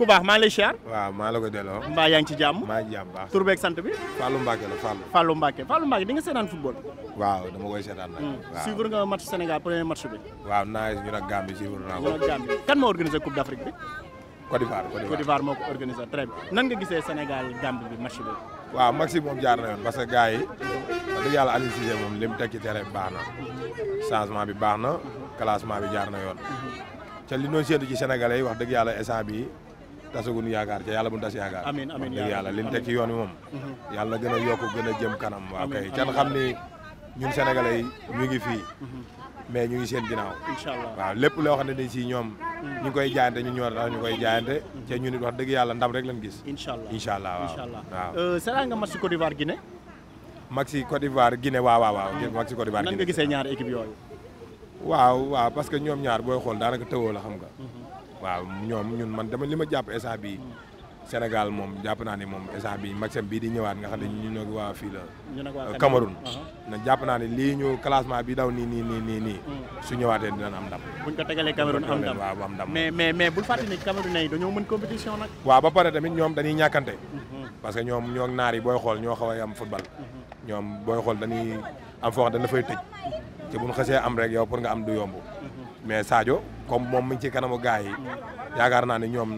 ku baax maa ngi lay maa la ko delloo. mbaa yaa ngi ci jàmm. maa ngi jàmm baax bi. Fallou Mbacke la Fallou. Fallou Mbacke Fallou Mbacke di nga waaw dama koy seetaan nag. Hmm. waaw nga match Sénégal premier match bi. waaw naa ñu nag Gambie suivre naa ko. ñu kan moo organisé Coupe d'Afrique bi. Côte d'Ivoire moo ko organisé nan nga gisee Sénégal Gambie bi match bi. waaw match bi jaar na yoon parce que wax dëgg yàlla Aliou Cissé moom li mu teg ci terrain bi baax na changement bi baax na classement bi jaar na yoon ca li ñoo séentu ci sénégalais yi wax dëgg yàlla instant bi tasaguñ yaakaar ca yàlla bu ñu tas yaakaar amiin amiin wax dëgg yàlla li ñu ci yoon wi moom yàlla gën a yokk gën a jëm kanam waaw kay can xam ni ñun sénégalais yi ñu ngi fii mhm. mais ñu ngi seen ginnaaw incha allah waaw lépp loo xam ne dañ si ñoom ñu ngi koy jaayante ñu ñoo tax ñu koy jaayante mhm. ñu nit wax dëgg yàlla ndam rek la gis incha allah incha allah waaw waaw Maxi Côte d'Ivoire Guinée waaw waaw waaw Maxi Côte d'Ivoire. Guinée nan nga gisee ñaari équipe yooyu. waaw parce que ñoom ñaar booy xool daanaka tëwoo la xam nga. Mhm. waaw ñoom ñun man dama li ma jàpp instant bii. Mhm. Sénégal moom jàpp naa ne moom instant bii maximum bii di ñëwaat nga xam ne ñu nag waa fii la. Cameroun mhm. na jàpp naa ne lii ñu classement bi daw nii nii nii nii nii. su ñëwaatee dinañ am ndam. buñ am ndam waaw am ndam. mais mais mais bul fàttali ne Cameroun yi dañoo mën compétition nag. waaw ba pare tamit ñoom dañuy ñàkkante. parce que ñoom ñoo naar booy xool ñoo xaw a am ñoom booy xool dañuy foo xam dañ fay tëj bu ñu xasee am rek yow pour nga am du yomb mais Sadio comme moom mu ngi ci kanamu gars yi yaakaar naa ne ñoom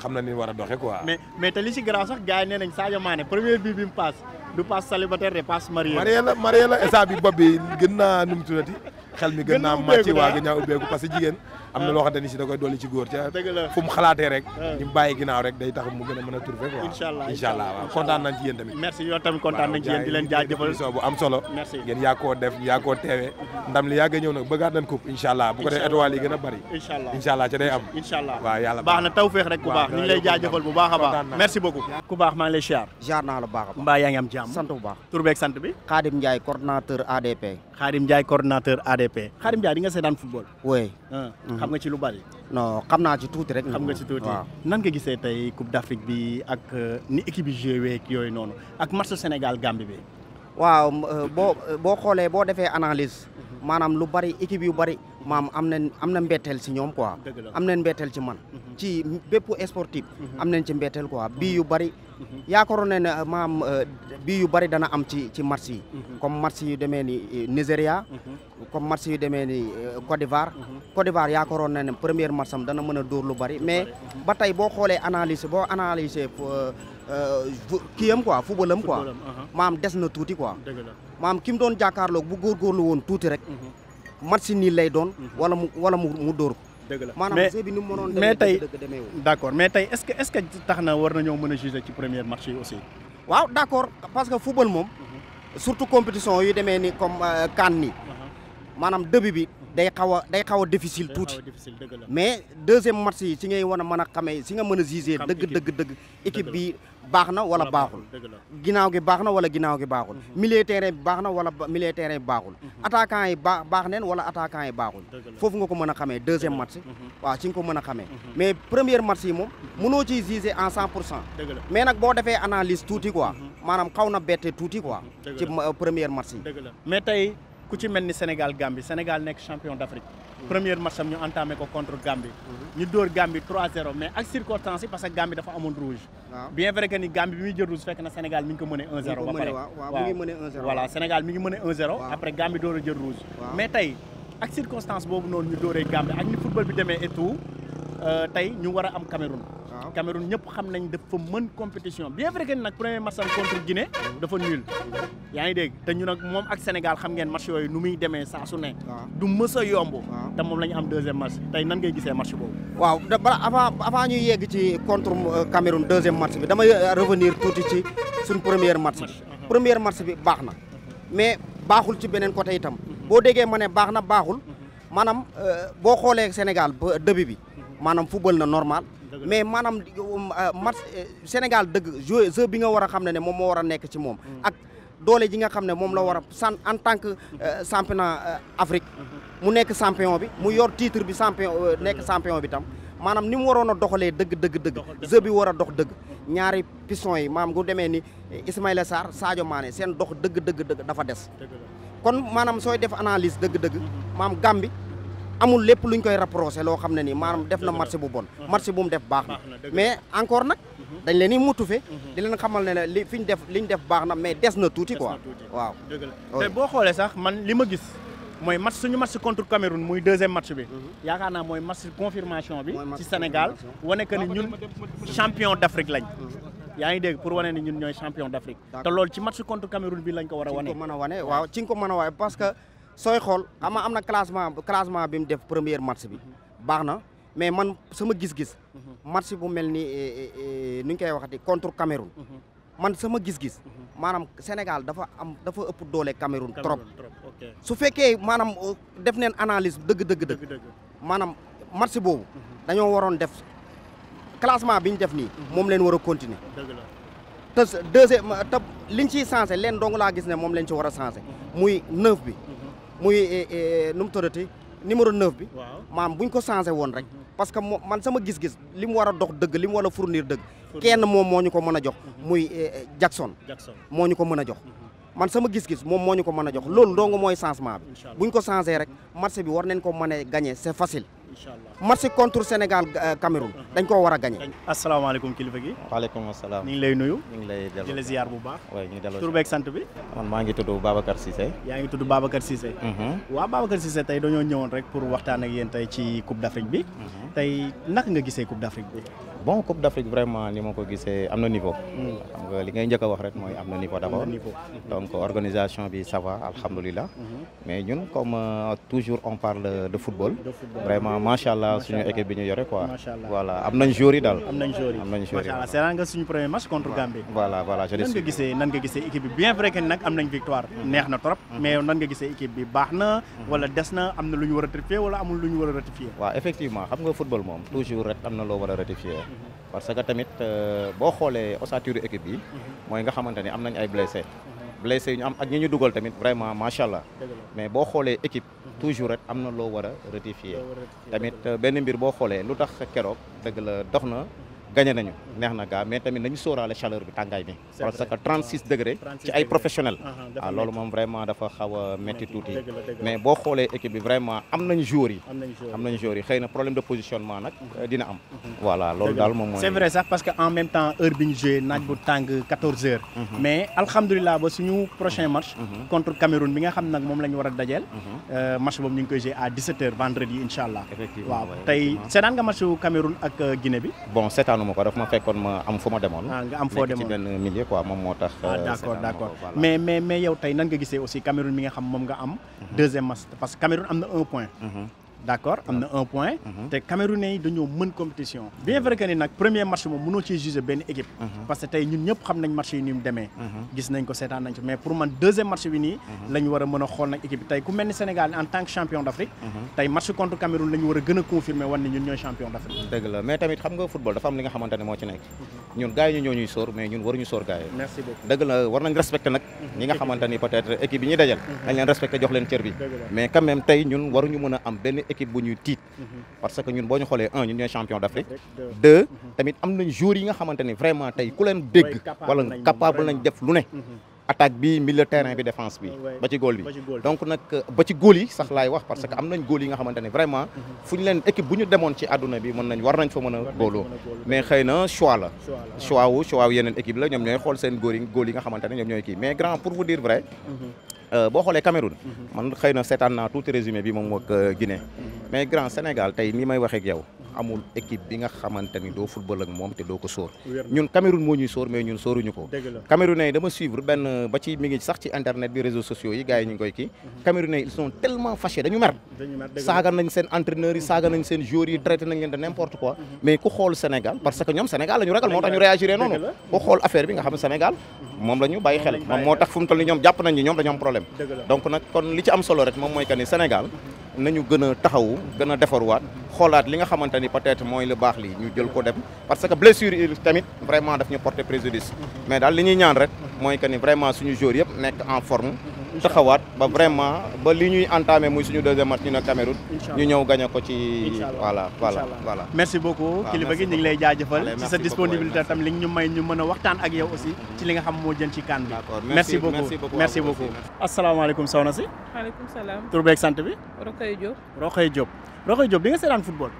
xam na ni war a doxe quoi. mais mais te li ci garaaw sax gars yi nee nañ premier bi bi mu passe du passe célibataire de passe marié. marié la marié bi bopp bi gën naa nu mu xel mi gën naa màcc waa gën naa ubbeeku parce que jigéen. am na loo xamante ni si da koy dolli ci góor ca fu mu xalaatee rek ni ah. mu bàyyi ginnaaw rek day tax mu gën a mën a trouver quoi incha allah incha allah waaw kontaan nañ ci yéen tamit merci yow tamit kontaan nañ ci yéen di leen jaajëfal so bu am solo mm-hmm. ñëw nag bëggaat nañ coupe incha allah bu ko dee a bari incha allah incha allah ca day am incha allah waaw yàlla baax na taw feex rek ku baax ñu ngi lay jaajëfal bu baax a baax merci beaucoup ku baax maa ngi lay siyaar naa la baax a baax mbaa yaa ngi am jàmm sant bu baax tur beeg sant bi Khadim Ndiaye coordinateur ADP Khadim Ndiaye coordinateur ADP Khadim Ndiaye Mm-hmm. xam nga ci lu bari. non xam naa ci tuuti rek. xam nga ci tuuti nan nga gisee tey Coupe d'Afrique bi ak euh, ni équipe yi joué ak yooyu noonu ak match Sénégal Gambie bi. waaw euh, boo euh, boo xoolee boo defee analyse. Mm-hmm. maanaam lu bari équipe yu bari maam am nañ am na mbetteel si ñoom quoi am na mbetteel ci man mhm. ci bépp sportif mhm. am nañ ci mbetteel quoi mhm. bii yu bari yaakaaroon na ne euh, maam euh, bii yu bari dana am ci ci match yi comme match yu demee ni euh, Nigeria comme match yu demee ni Côte d'Ivoire Côte d'Ivoire yaakaaroon nañ ne première match am dana mën a dóor lu bari mais ba tey boo xoolee analyse boo analyser Euh, kii am quoi football am quoi uh-huh. maam des na tuuti quoi maam ki mu doon jàkkaarloog bu góorgóorlu woon tuuti rek uh-huh. match si nii lay doon uh-huh. wala mu dóor maanaam bi ni mu mënoon mais tey d' tey est ce que tax na war nañoo mën a juger ci première match yi aussi waaw d' parce que football moom surtout compétition yu demee ni comme euh, CAN maanaam début bi day xawa day xaw difficile touti mais deuxième match yi si ngay wona a mën ci nga mën a deug deug deug équipe bi baxna wala baxul ginaaw gi baxna wala ginaaw gi baxul mhm. milieu terrain bi baax wala milieu terrain bi baaxul mhm. attaquant yi baax baax wala attaquant yi baxul fofu nga ko mën a deuxième match mhm. wa ci nga ko mën a mais premier match yi mom mënoo ci gisee en 100% mais nak bo defee analyse touti quoi manam xawna na touti quoi ci premier match yi mais tay ku ci Sénégal Gambie Sénégal est champion d'Afrique mhm. premier match am ñu entamé ko contre Gambie mhm. ñu dóor Gambie 3-0 mais avec circonstance parce que Gambie dafa amoon rouge bien vrai que le Gambie bi rouge fekk Sénégal a ngi ko 1-0 ba voilà Sénégal a ngi 1-0 après Gambie door a jël rouge mais avec ak circonstance boobu non ñu Gambie ak le football bi et tout nous euh, ñu Cameroun Cameroun ñëpp xam nañ dafa mën compétition bien vrai que nag premier match am contre Guinée dafa nul yaa ngi dégg te ñu nag moom ak Sénégal xam ngeen match yooyu nu muy demee saa su ne du mës yomb te moom la ñu am deuxième match tey nan ngay gisee match boobu waaw bala avant avant ñuy yegg ci contre euh, Cameroun deuxième match bi damay euh, revenir tuuti ci suñ première match bi uh-huh. première match bi baax na uh-huh. mais baaxul ci beneen côté tam uh-huh. boo déggee ma ne baax na baaxul maanaam euh, boo xoolee Sénégal ba début bi maanaam na normal mais maanaam euh, match euh, Sénégal dëgg jeu bi nga war a xam ne ne moom moo war a nekk ci moom mm. ak doole ji nga xam ne moom la war a san en tant que euh, championnat Afrique mm-hmm. mu nekk champion bi mu yor titre bi champion nekk mm-hmm. champion bi tam maanaam ni mu waroon a doxalee dëgg dëgg dëgg bi war a dox dëgg ñaari piston yi maam gu demee ni Ismaïla sar Sadio maane seen dox dëgg dëgg dëgg dafa des kon maanaam sooy def analise dëgg dëgg mm-hmm. maam Gambie amul lépp luñ koy rapproché loo xam ne nii maanaam def na marché bu bon marché bu mu def baax na mais encore nag dañ leen i mutufe di leen xamal ne li fi ñu def baax na mais des na tuuti quoi waaw te boo xoolee sax man li ma gis mooy match suñu match contre Cameroun muy deuxième match bi yaakaar naa mooy match confirmation bi ci Sénégal wane que ni ñun champion d'Afrique lañ yaa ngi dégg pour wane ni ñun ñooy champion d'Afrique te ci match contre Cameroun bi lañ sooy xool xam am na classement classement bi mu def premier match bi baax na mais man sama gis-gis match bu mel ni eh, eh, eh, nu ñu koy waxati contre Cameroun man sama gis-gis maanaam Sénégal dafa am dafa ëpp doole Cameroun trop su fekkee maanaam euh, def neen analyse dëgg dëgg dëgg maanaam match boobu dañoo waroon def classement bi ñu def nii moom leen war a continuer te deuxième te liñ ciy changé leen dong laa gis ne moom leen ci war a changé muy neuf bi muy eh, eh, nu mu tuddati numéro 9 bi. maam bu ñu ko changé woon rek. parce que moo man sama gis-gis li mu war a dox dëgg li mu war a fournir dëgg. kenn moom moo ñu ko mën a jox. Mhm. muy eh, Jackson. Jackson moo ñu ko mën a jox. Mhm. man sama gis-gis moom moo ñu ko mën a jox loolu dong mooy changement bi. bu ko changé rek marché bi war nañ ko mën e gagné c'est facile. match contre Sénégal euh, Cameroun mhm. dañ ko wara gagner gagné. asalaamaaleykum kilifa gi. waaleykum assalam ni ngi lay nuyu. ni ngi lay delo di ziar bu baax. waaw ñu ngi delloo tur beeg bi. man maa ngi tudd Babacar Cissé. ya ngi tudd Babacar Cissé. Mhm. wa Babacar Cissé tay dañoo ñëwoon rek pour waxtaan ak yeen tay ci Coupe d'Afrique bi. Mhm. tay nak nga gisee Coupe d'Afrique bi. bon Coupe d'Afrique vraiment ni ma ko gisee am niveau. Mm. xam nga li ngay njëkk wax rek moy amna niveau d'abord. Mm-hmm. donc organisation bi ça va mm-hmm. mais ñun comme euh, toujours on parle de football. vraiment macha Allah suñu équipe bi ñu yoré quoi voilà am nañ jury dal am nañ jury am nañ jury macha Allah c'est suñu premier match contre Gambie voilà voilà je nan nga gisé nan nga gisé équipe bi bien vrai que nak am nañ victoire mhm. neex na trop mhm. mais nan nga gisé équipe bi baxna mhm. wala desna am na luñu wara rectifier wala amul luñu wara rectifier wa effectivement xam nga football mom toujours rek am na lo wara rectifier parce que tamit euh, bo xolé ossature équipe bi moy nga xamanteni am nañ ay blessés blessé yu ñu am ak ñi ñu dugal tamit vraiment macha allah mais boo xoolee équipe mhm. toujours rek am na loo war a rectifier tamit benn mbir boo xoolee lu tax keroog dëgg la dox na gagné nañu neex na gaa mais tamit nañu sóoraale chaleur bi tangay bi parce que 36 degrés ci ay professionnels ah, ah, ah lolu mom vraiment dafa xawa metti métti tuuti mais bo xolé équipe bi vraiment am nañ joueurs yi am nañ joueurs yi xëy na problème de positionnement nak mhm. euh, dina am mhm. voilà lolu dal mom mooy c'est vrai sax parce que en même temps heure bi ñu joué naaj bu tang 14 h mais alhamdoulillah ba suñu prochain mhm. match contre Cameroun bi nga xam nak mom lañu wara dajel euh match boobu ñu ngi koy joué à 17 h vendredi incha allah tay c'est seetaan nga match Cameroun ak euh, Guinée bi bon c'est daanuma ko daf ma fekkoon ma am fu ma demoon. Ah, nga am foo demoon milieu quoi moom moo tax. ah euh, d' mais mais mais yow tey nan nga gisee aussi Cameroun moom nga am. Mhm. deuxième match parce que Cameroun am na un point. Mhm. d'accord amna un point. Mhm. té Camerounais dañu dañoo mën compétition. bien mhm. vrai que nak premier match moom mënoo ciy juger ben équipe. Mhm. parce que tay ñun ñëpp xam nañ match yi ni mu gis nañ ko seetaan nañ ko mais pour man deuxième match bi ni la wara war xol nak équipe tay ku melni Sénégal en tant que champion d'afrique tay match contre Cameroun la wara gëna confirmer wan ni ñun ñoy champion d'afrique Afrique. dëgg la mais tamit xam nga football dafa am li nga xamante mo ci nek ñun gaay ñu ñoo ñuy sor mais ñun waruñu sóor gars yi. merci beaucoup dëgg la war nañ respecté nak ñi nga xamante peut être équipe bi ñuy dajal. dañ leen respecté jox leen cër bi mais quand même tay ñun waruñu mën a am ben équipe bu ñuy mhm. parce que ñun boo ñu xoolee un ñun ñooy champion d'Afrique deux mhm. tamit am nañ joueurs yi nga xamante vraiment tay ku len dégg wala capable nañ def lu ne mhm. attaque bi milieu terrain bi défense bi ba ci góol bi donc nak ba ci góol yi sax lay wax parce que am nañ góol yi nga xamante vraiment fu len équipe buñu démon ci aduna bi mën nañ war nañ fa mëna a mais xeyna choix la choix wu choix wu yeneen équipe la ñom ñoy xol sen góor yi góol yi nga xamante ñom ñoy ki mais grand pour vous dire vrai Euh, boo xoolee Cameroun. Mhm. man xëy na seetaan naa tuuti résumé bi moom ak euh, Guinée. Mhm. mais grand Sénégal tey ni may waxee ak yow. amul équipe bi nga xamante ni doo football moom te doo ko sóor ñun Cameroun moo ñuy sóor mais ñun sóoruñu ko Camerounais yi dama suivre benn ba ci mi ngi sax ci internet bi réseaux sociaux yi gars yi ngi koy kii mhm. Camerounais yi ils sont tellement fâchés dañu mer saaga nañ seen entraîneurs yi saaga nañ seen joueurs yi traité nañ leen de n'importe quoi mais ku xool Sénégal que ñoom Sénégal la xool affaire bi nga xam Sénégal mom lañu bayyi xel mom motax fum tollu ñom japp nañ ni ñom dañu am problème donc nak kon li ci am solo rek mom moy que ni sénégal nañu gëna taxaw gëna défor waat xolaat li nga xamanteni peut-être moy le bax li ñu jël ko dem parce que blessure il tamit vraiment daf ñu porter préjudice mm-hmm. mais dal li ñi ñaan rek moy que ni vraiment suñu joueur yëpp nek en forme taxawaat ba vraiment ba li ñuy entamé muy suñu deuxième match ñu na Cameroun ñu ñëw gagné ko ci voilà voilà voilà merci beaucoup Kiliba gi ñu lay jaajeufal ci sa disponibilité tam li ñu may ñu mëna waxtaan ak yow aussi mm-hmm. ci li nga xam mo jël ci kan bi merci beaucoup merci beaucoup assalamu alaykum sawna si alaykum salam tour bek sante bi rokay job rokay job rokay job bi nga sétane football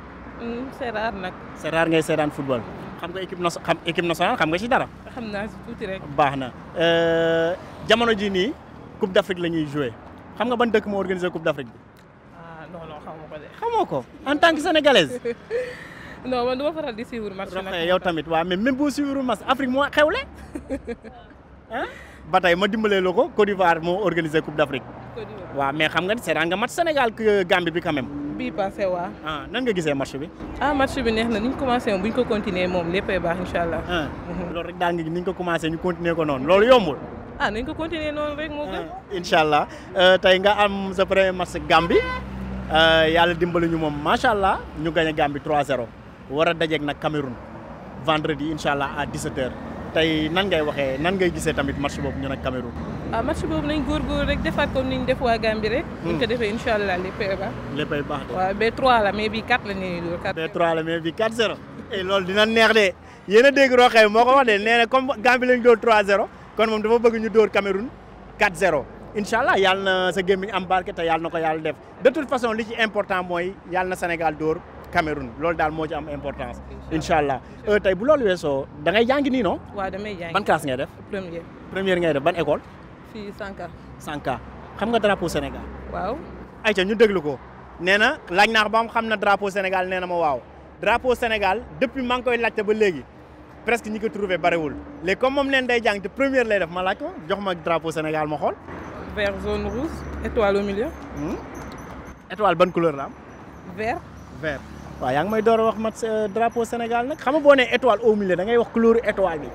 mm, c'est rare nak c'est rare ngay sétane football xam nga équipe nationale xam équipe nationale xam nga ci dara xam na tout rek baxna euh jamono ji ni Coupe d'Afrique la ñuy joué xam nga ban dëkk moo organisé Coupe d'Afrique bi. ah non non xamoo ko de. xamoo ko en tant que sénégalaise. non man du ma faral di suivre match nag. yow tamit waaw mais même boo suivre match Afrique moo xewle. ah ba tey ma dimbalee la ko Côte d'Ivoire moo organisé Coupe d'Afrique. waaw mais xam nga seetaan nga match Sénégal Gambie bi quand même. bii passé waaw. ah nan nga gisee match bi. ah match bi neex na ni ñu commencé moom bu ñu ko continuer moom léppay baax incha allah. Ah, mhm. loolu rek daal nga ni ñu ko commencé ñu continuer ko noonu loolu yombul. ah nañ ko continuer noonu rek moo gën. Ah, incha euh, tay nga am sa premier match Gambie euh, yàlla dimbali ñu moom macha allah ñu gagné Gambie 3-0 war a dajeeg nag Cameroun vendredi incha à 17h tay nan ngay waxee nan ngay gisee tamit match boobu ñu nag Cameroun. ah match boobu nañ góorgóorlu rek defaat comme niñ ñu def waa Gambie rek. Hmm. ñu ko defee incha allah léppay baax. léppay baax de waaw B3 la mais bi 4 la ñuy dóor. 4 B3 la mais bi 4-0. et loolu dina neex de yéen a dégg Roqe moo ko wax de nee na comme Gambie lañ dóor 3-0 kon moom dafa bëgg ñu Dor Cameroun 4-0 Inshallah, allah na sa gémmiñ am barke té yàlla nako yalla def de toute façon li ci important moy yàlla na Sénégal Dor Cameroun Lool dal mo ci am importance. Inshallah. Euh tay bu lool weesoo da ngay jàngi non? non. waaw damay jàngi ban classe ngay def. première première ngay def ban école. fii Sanka. Sanka xam nga drapeau Sénégal. waaw. ayca ñu déglu ko nee na laaj naa ba xam na drapeau Sénégal nee na ma waaw drapeau Sénégal depuis maa ngi koy laajte ba léegi presque ñi ko trouvé bariwul les comme moom leen day jàng te première lay def ma laaj jox ma drapeau Sénégal ma xol vert zone rouge étoile au milieu. Hmm? étoile ban couleur la vert vert. wa yaa ngi may door wax mat euh, drapeau Sénégal nak xam nga étoile au milieu da ngay wax couleur étoile bi.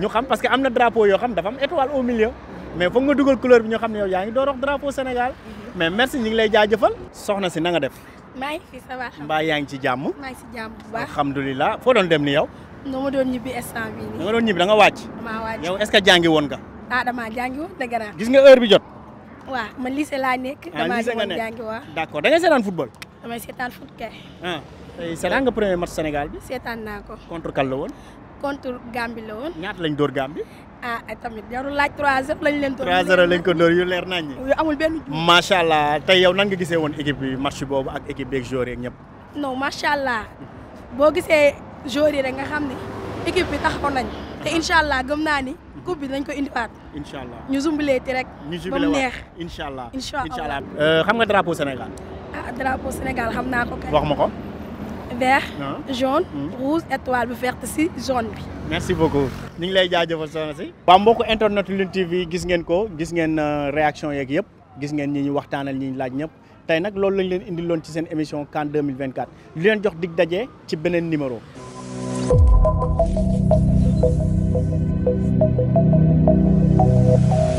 ñu xam parce que amna drapeau yo xam dafa am étoile au milieu. mais foog nga duggal couleur bi ñu xam né yow yaa ngi door wax drapeau Sénégal. Mhm. mais merci ñi ngi lay jaajëfal. soxna si na nga def. maa ngi fi ça ba mbaa yaa ngi ci jamm maa ngi ci jamm bu baax alhamdulilah foo doon dem ni yow. nu ma doon ñibbi instant bii nii. da nga doon ñibbi da nga wàcc. maa wàcc yow est jàngi woon nga. ah damaa jàngi woon de grand. gis nga heure bi jot. waaw man lycée laa nekk. ah jàngi waaw. d' accord seetaan football. damay seetaan foot kay. Ah, seetaan nga premier match Sénégal bi. seetaan naa ko. contre kan la woon. contre Gambie la woon. ñaata lañ dóor Gambie. a ah, tamit jarul laaj 3 heures lañ leen. 3 heures lañ ko yu leer naññi. yu amul benn jiw. macha allah tey yow nan nga gisee woon équipe bi boobu ak équipe beeg joueur yeeg ñëpp. joueurs yi rek nga xam ne équipe bi taxaw te incha allah gëm naa ni coupe bi dañ ko indiwaat. incha allah ñu zumbuleeti rek. ñu zumbulee waat ba mu neex incha allah. Euh, xam nga drapeau Sénégal. ah drapeau Sénégal xam naa ko kay. wax ma ko. vert ah. jaune hmm. rouge étoile bi verte si jaune bi. merci beaucoup ñu ngi lay jaajëfal soxna si. waaw mbokku internet Lune TV gis ngeen ko gis ngeen euh, réaction yeeg yëpp gis ngeen ñi ñu waxtaanal ñi ñu laaj ñëpp tey nag loolu lañ leen indiloon ci seen émission CAN 2024 li leen jox dig daje ci beneen numéro. Thank you.